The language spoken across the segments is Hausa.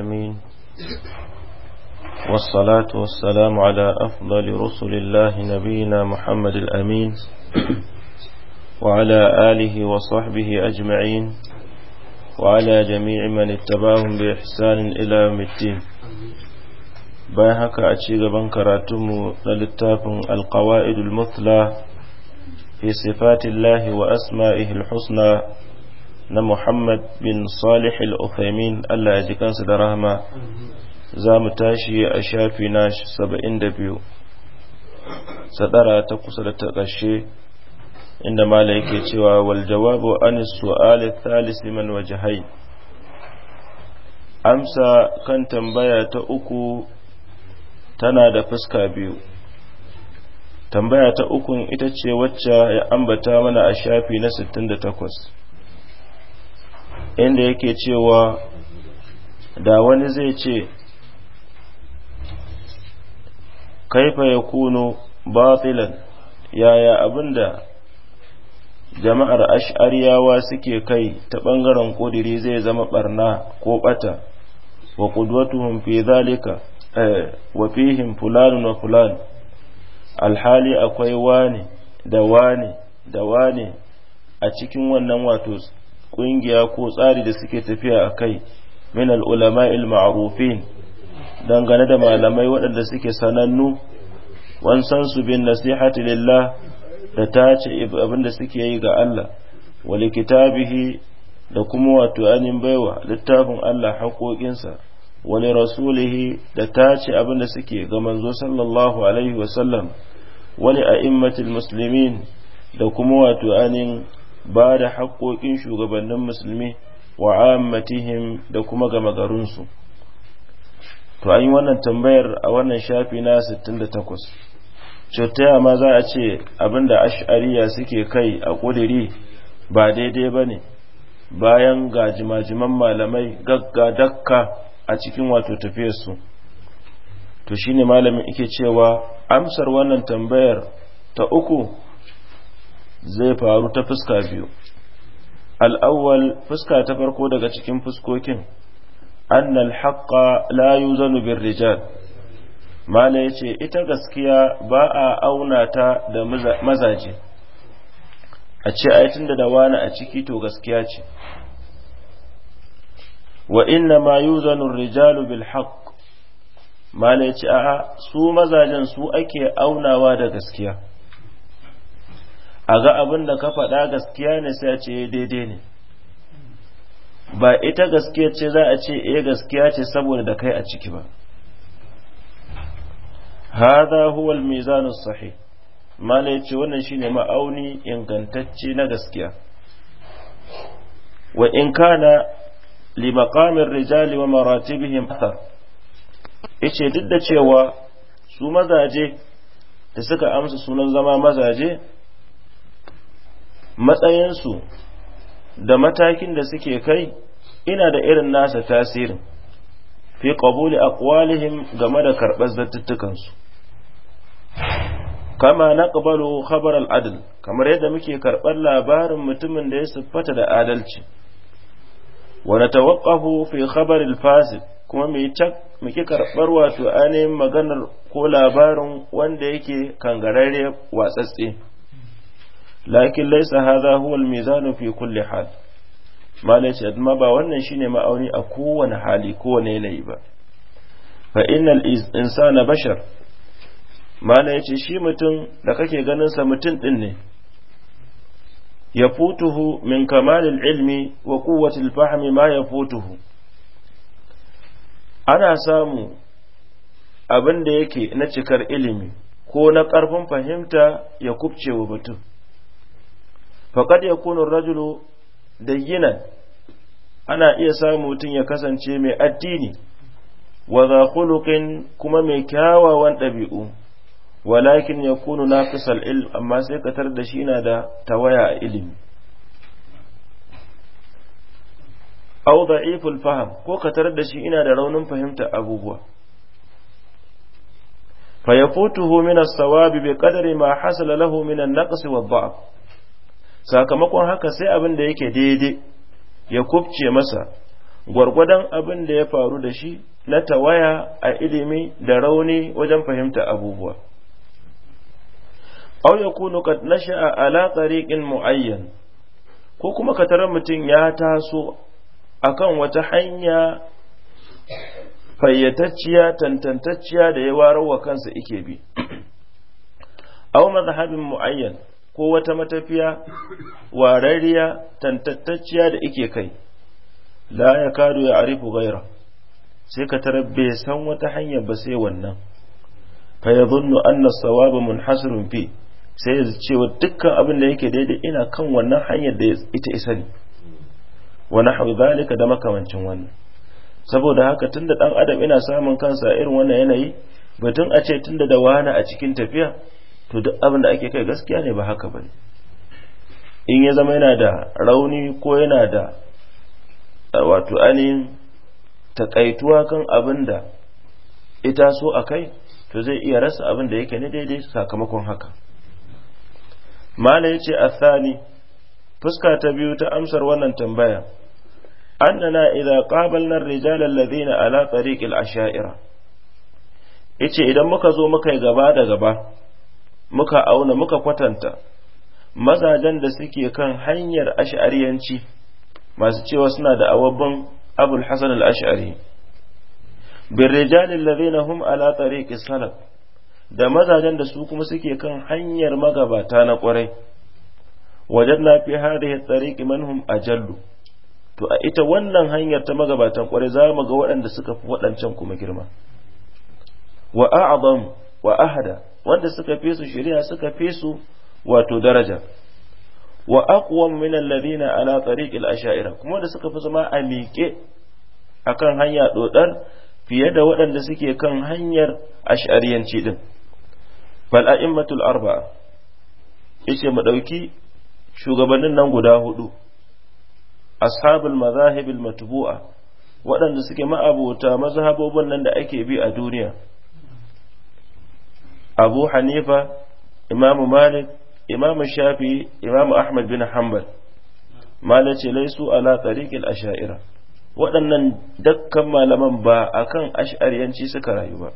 أمين والصلاة والسلام على أفضل رسل الله نبينا محمد الأمين وعلى آله وصحبه أجمعين وعلى جميع من اتباهم بإحسان إلى يوم الدين bayan haka a ci gaban karatunmu na littafin alkawa'idul mutla fi sifatillahi wa asma'ihil husna na Muhammad bin Salih al Allah ya ji kansa da rahama za mu tashi a shafi na 72 sadara ta kusa da ta ƙarshe inda malai ke cewa wal jawabu an su'al thalith liman wajhay amsa kan tambaya ta uku tana da fuska biyu tambaya ta uku ita ce wacce ya ambata mana a shafi na 68 inda yake cewa da wani zai ce kaifa ya kuno batilan yaya abinda jama'ar ash'ariyawa suke kai ta ɓangaren ƙudiri zai zama ɓarna ko ɓata wa ƙudwatuhum fi zalika eh, wa fihim fulanun wa fulan alhali akwai wani da wani da a cikin wannan wato kungiya ko tsari da suke tafiya a kai min al'ulama maarufin dangane da malamai waɗanda suke sanannu wansan su bin nasihati lillah da ce abinda suke yi ga Allah wali kitabihi da kuma wato anin baiwa littafin Allah haƙoƙinsa Wani rasulihi da tace abinda suke ga manzo sallallahu alaihi wasallam wali a'immatil musulmin da kuma wato anin ba da haƙoƙin shugabannin musulmi wa ammatihim da kuma gama garinsu to an yi wannan tambayar a wannan shafi na 68 cutaya ma za a ce abinda ash'ariya suke kai a ƙudiri ba daidai ba ne bayan gajimajiman malamai gaggadakka a cikin wato tafiyarsu to shine malamin ike cewa amsar wannan tambayar ta uku zai faru ta fuska biyu al'awwal fuska ta farko daga cikin fuskokin annal haqqa layu zanubin rijal mala ce ita gaskiya ba a auna ta da mazaje a ce yi tun da dawana a ciki to gaskiya ce wa inna ma zanun rijalu bil haqq mala ce a'a su mazajen su ake aunawa da gaskiya a ga abin da ka faɗa gaskiya ne sai a ce eh, daidai ne ba ita gaskiya ce za a ce eh gaskiya ce saboda da kai a ciki ba hadha huwa al-mizan as-sahih ya ce wannan shine ma'auni ingantacce na gaskiya wa in kana li maqamir rijali wa maratibihim athar yace duk da cewa su mazaje da suka amsa sunan zama mazaje matsayinsu da matakin da suke kai ina da irin nasa tasirin fi a ƙwalihin game da karɓar zattuttukansu kama na ƙabalo habar al'adil kamar yadda muke karɓar labarin mutumin da ya siffata da adalci wani tawakafu fi khabar fasid kuma mai cak muke karɓar wato ainihin maganar ko labarin wanda yake kangararre watsatse lakin laisa hadha huwa almizan fi kulli hal malai ce amma ba wannan shine ma'auni a kowane hali kowane yanayi ba fa innal insana bashar mala ce shi mutum da kake ganin sa mutum din ne futuhu min kamalil ilmi wa quwwati fahmi ma futuhu. ana samu abin da yake na cikar ilimi ko na ƙarfin fahimta ya kubce wa mutum faƙad ya kuna rajulu dayyinan ana iya samun mutum ya kasance mai addini wa za kuma mai kyawawan ɗabi'u walakin ya kunu na ilm amma sai ka tar da shi na da tawaya a ilimi au da'iful faham ko ka tar da shi ina da raunin fahimta abubuwa fayafutuhu min as-sawabi bi qadri ma hasala lahu min an naqsi wa sakamakon haka sai abin da yake daidai ya kubce masa gwargwadon abin da ya faru da shi na tawaya a ilimi da rauni wajen fahimta abubuwa Au ya kunu na nasha'a ala tariqin muayyan ko kuma kataran mutum ya taso a kan wata hanya fayyatacciya tantantacciya da ya wa kansa ike bi au madhhabin muayyan ko wata matafiya warariya tantattacciya da ike kai la ya kado ya arifu gaira sai ka tarar bai san wata hanyar ba sai wannan fa ya zunnu anna sawaba munhasirun fi sai ya cewa dukkan abin da yake daidai ina kan wannan hanyar da ita isa ne wa nahwu zalika da makamancin wannan saboda haka tunda dan adam ina samun kansa irin wannan yanayi batun a ce tunda da wani a cikin tafiya to duk abin da ake kai gaskiya ne ba haka ba in ya zama yana da rauni ko yana da wato ainihin takaituwa kan abin da ita so a kai to zai iya rasa abin da yake ne daidai sakamakon haka mala ya ce athani fuska ta biyu ta amsar wannan tambaya annana idza qabalna ar-rijal alladhina ala Shaira. asha'ira yace idan muka zo muka yi gaba da gaba muka auna muka kwatanta mazajen da suke kan hanyar ash'ariyanci masu cewa suna da awabban abul hasan al-ash'ari bin rijalin lazina hum ala tariqi salaf da mazajen da su kuma suke kan hanyar magabata na kwarai wajen na fi hadhihi tariqi man hum jallu to a ita wannan hanyar ta magabatan kwarai za mu ga waɗanda suka fi waɗancan kuma girma wa a'zam wa ahada wanda suka fi su shari'a suka fi su wato daraja wa aqwam min alladhina ala tariq al-asha'ira kuma da suka fi zama a miƙe akan hanya dodar fiye da waɗanda suke kan hanyar ash'ariyanci din bal a'immatul arba'a yace mu dauki shugabannin nan guda hudu ashabul madhahib matbua waɗanda suke ma'abota mazhabobin nan da ake bi a duniya abu hanifa imamu malik imamu shafi imamu ahmad bin hanbal mala ce laisu ala tariqil asha'ira waɗannan dukkan malaman ba akan ash'ariyanci suka rayu ba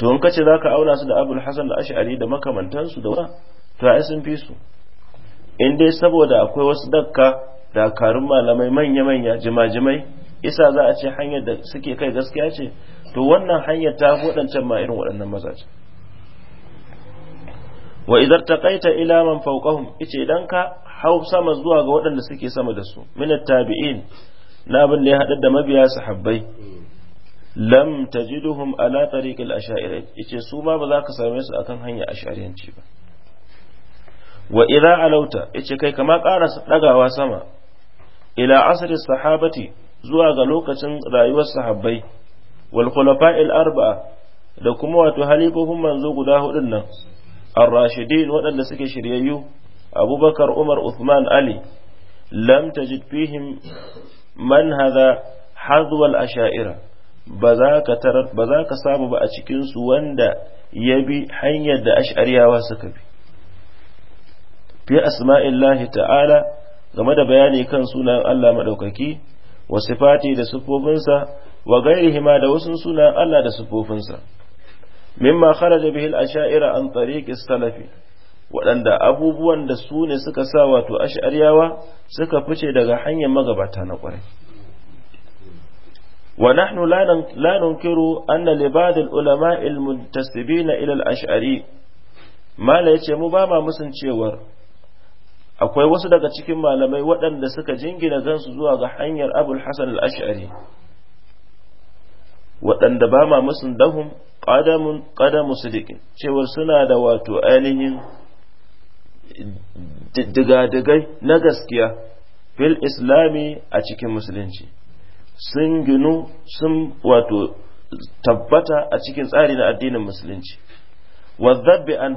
to in kace zaka auna su da abul hasan al-ash'ari da makamantansu da wani to ai sun fi su in dai saboda akwai wasu dakka dakarun malamai manya-manya jima-jimai isa za a ce hanyar da suke kai gaskiya ce to wannan hanyar ta fi ma irin waɗannan mazaje wa idar kaita ila man ice idan ka hau sama zuwa ga waɗanda suke sama da su min tabi'in na abin da ya haɗa da mabiya sahabbai lam tajiduhum ala tariq al-ash'ari su ba za ka same su akan hanyar ash'ariyanci ba wa idza alauta Ice kai kama ƙara dagawa sama ila asri sahabati zuwa ga lokacin rayuwar sahabbai wal khulafa'il arba'a da kuma wato halifofin manzo guda hudun nan ar-rashidin waɗanda suke shiryayyu abubakar umar uthman ali lam tajid fihim man hadha hadwa al-asha'ira ba za ka tarar ba za ka samu ba a cikin su wanda ya bi hanyar da ash'ariyawa suka bi fi asma'illahi ta'ala game da bayani kan sunan Allah madaukaki wa sifati da sifofinsa wa ma da wasu suna Allah da sufofinsa mimma kharaja bihi al-asha'ira an tariqi salafi waɗanda abubuwan da su ne suka sa wato ash'ariyawa suka fice daga hanyar magabata na ƙwarai wa nahnu la nunkiru anna li ba'd al-ulama al-muntasibina ila al-ash'ari mala yace mu ba ma musun cewar akwai wasu daga cikin malamai waɗanda suka jingina gansu zuwa ga hanyar abul hasan al-ash'ari waɗanda ba ma musun dahum ƙadamu sidikin cewar suna da wato ainihin digadigai na gaskiya fil islami a cikin musulunci sun ginu sun wato tabbata a cikin tsari na addinin musulunci wazzabbi an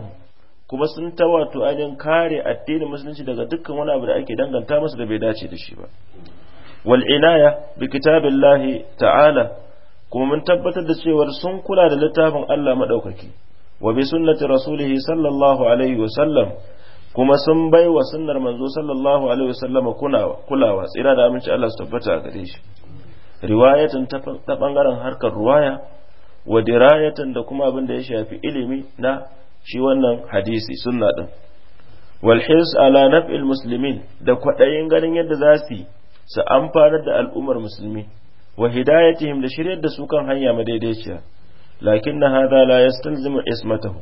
kuma sun ta wato ainihin kare addinin musulunci daga dukkan wani abu da ake danganta musu da bai dace da shi ba wal inaya bi kitabillahi ta'ala kuma mun tabbatar da cewar sun kula da littafin Allah maɗaukaki wa bi sunnati rasulihi sallallahu alaihi wa sallam kuma sun bai wa sunnar manzo sallallahu alaihi wa sallam kulawa tsira da aminci Allah su tabbata gare shi riwayatan ta bangaren harkar ruwaya wa dirayatan da kuma abin da ya shafi ilimi na shi wannan hadisi sunna din wal hirs ala naf'il muslimin da kwadayin ganin yadda za su su amfanar da al'ummar musulmi wa hidayatihim da shiryar da su kan hanya madaidaiciya lakinna hada la yastalzimu ismatahu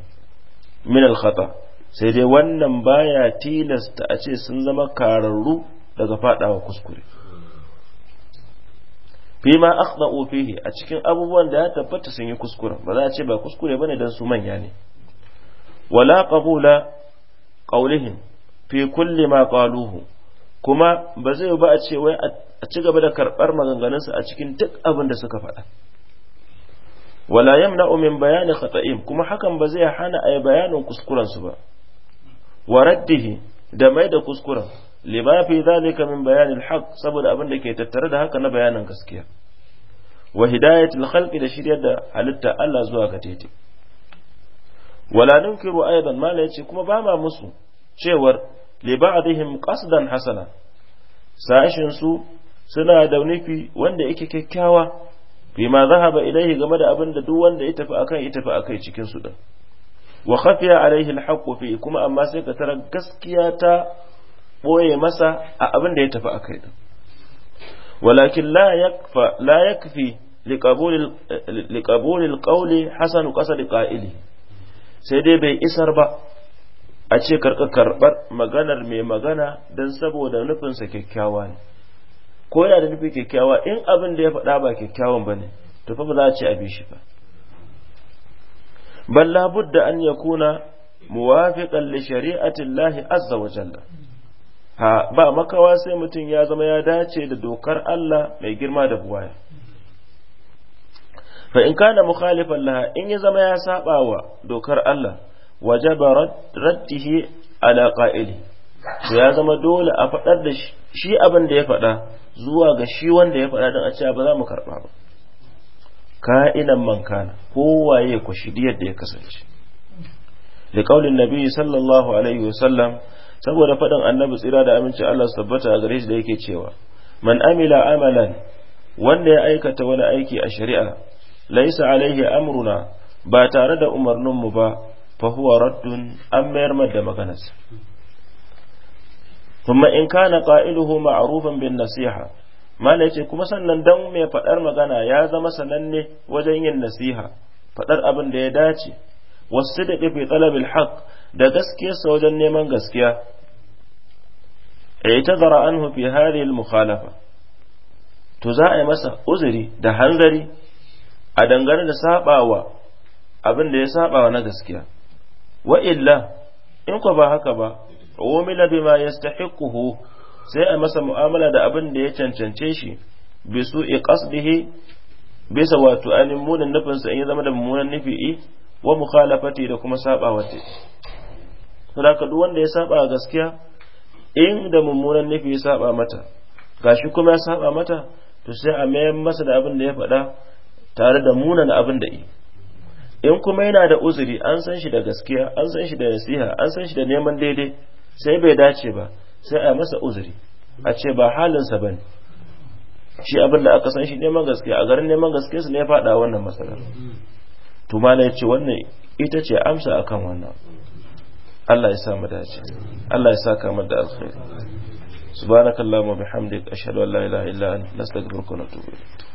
min al khata sai dai wannan baya tilasta a ce sun zama kararru daga fadawa kuskure fi ma akhda'u fihi a cikin abubuwan da ya tabbata sun yi kuskure ba za a ce ba kuskure bane dan su manya ne wala qabula qawlihim fi kulli ma qaluhu kuma ba zai ba a ce wai a ci gaba da karɓar maganganunsu a cikin duk abin da suka faɗa wala yamna'u min bayani khata'im kuma hakan ba zai hana a yi bayanin kuskurensu ba wa raddihi da mai da kuskuren lima fi zalika min bayanin haq saboda abin da ke tattare da haka na bayanin gaskiya wa hidayatul khalqi da shiryar da halitta Allah zuwa ga tete wala nunkiru aidan mala yace kuma ba ma musu cewar li ba'dihim qasdan hasana sashin su suna da nufi wanda yake kyakkyawa bima zahaba ilaihi game da abin da duk wanda ya tafi akan ya tafi akai cikin su din wa khafiya alaihi alhaq fi kuma amma sai ka tarar gaskiya ta boye masa a abin da ya tafi akai din walakin la yakfa la yakfi liqabul liqabul alqawli hasan qasad qa'ili sai dai bai isar ba a ce karɓar maganar mai magana don saboda nufinsa kyakkyawa ne ko yana da nufi kyakkyawa in abin da ya faɗa ba kyakkyawan ba ne to fa ba za a ce a bi shi ba bal labudda an yakuna muwafiqan li shari'ati Allah azza wa jalla ha ba makawa sai mutum ya zama ya dace da dokar Allah mai girma da buwaya fa in kana mukhalifan laha in ya zama ya saba wa dokar Allah wajaba raddihi ala qa'ili to ya zama dole a faɗar da shi abin da ya faɗa zuwa ga shi wanda ya faɗa don a cewa ba za mu karɓa ba ka'inan man kana kowaye ku diyar yadda ya kasance da kaulin nabi sallallahu alaihi wasallam saboda faɗin annabi tsira da aminci Allah su tabbata a gare shi da yake cewa man amila amalan wanda ya aikata wani aiki a shari'a laisa alaihi amruna ba tare da umarninmu ba fa huwa raddun an mayar da maganarsa kuma in kana qa'iluhu ma'rufan bin nasiha mala yace kuma sannan dan mai fadar magana ya zama sananne wajen yin nasiha fadar abin da ya dace wasidq fi talabil haqq da gaskiyarsa wajen neman gaskiya i'tazara anhu fi hadhihi al mukhalafa to za a yi masa uzuri da hanzari a dangane da sabawa abin da ya sabawa na gaskiya wa illa in ko ba haka ba umila bima yastahiquhu sai a masa mu'amala da abin da ya cancance shi bi su'i qasdihi bisa wato anin munan nufin sa in ya zama da munan nufi wa mukhalafati da kuma saba wata ka duk wanda ya saba gaskiya in da mummunan nufi ya saba mata gashi kuma ya saba mata to sai a mayar masa da abin da ya faɗa tare da munan abin da yi in kuma yana da uzuri an san shi da gaskiya an san shi da nasiha an san shi da neman daidai sai bai dace ba sai a masa uzuri a ce ba halinsa ba ne shi abin da aka san shi neman gaske a garin neman gaske su ne faɗa wannan matsalar to mala ya ce wannan ita ce amsa akan wannan Allah ya sa mu dace Allah ya sa mu da alkhairi subhanakallahumma bihamdika ashhadu an la ilaha illa anta nastaghfiruka wa natubu ilayk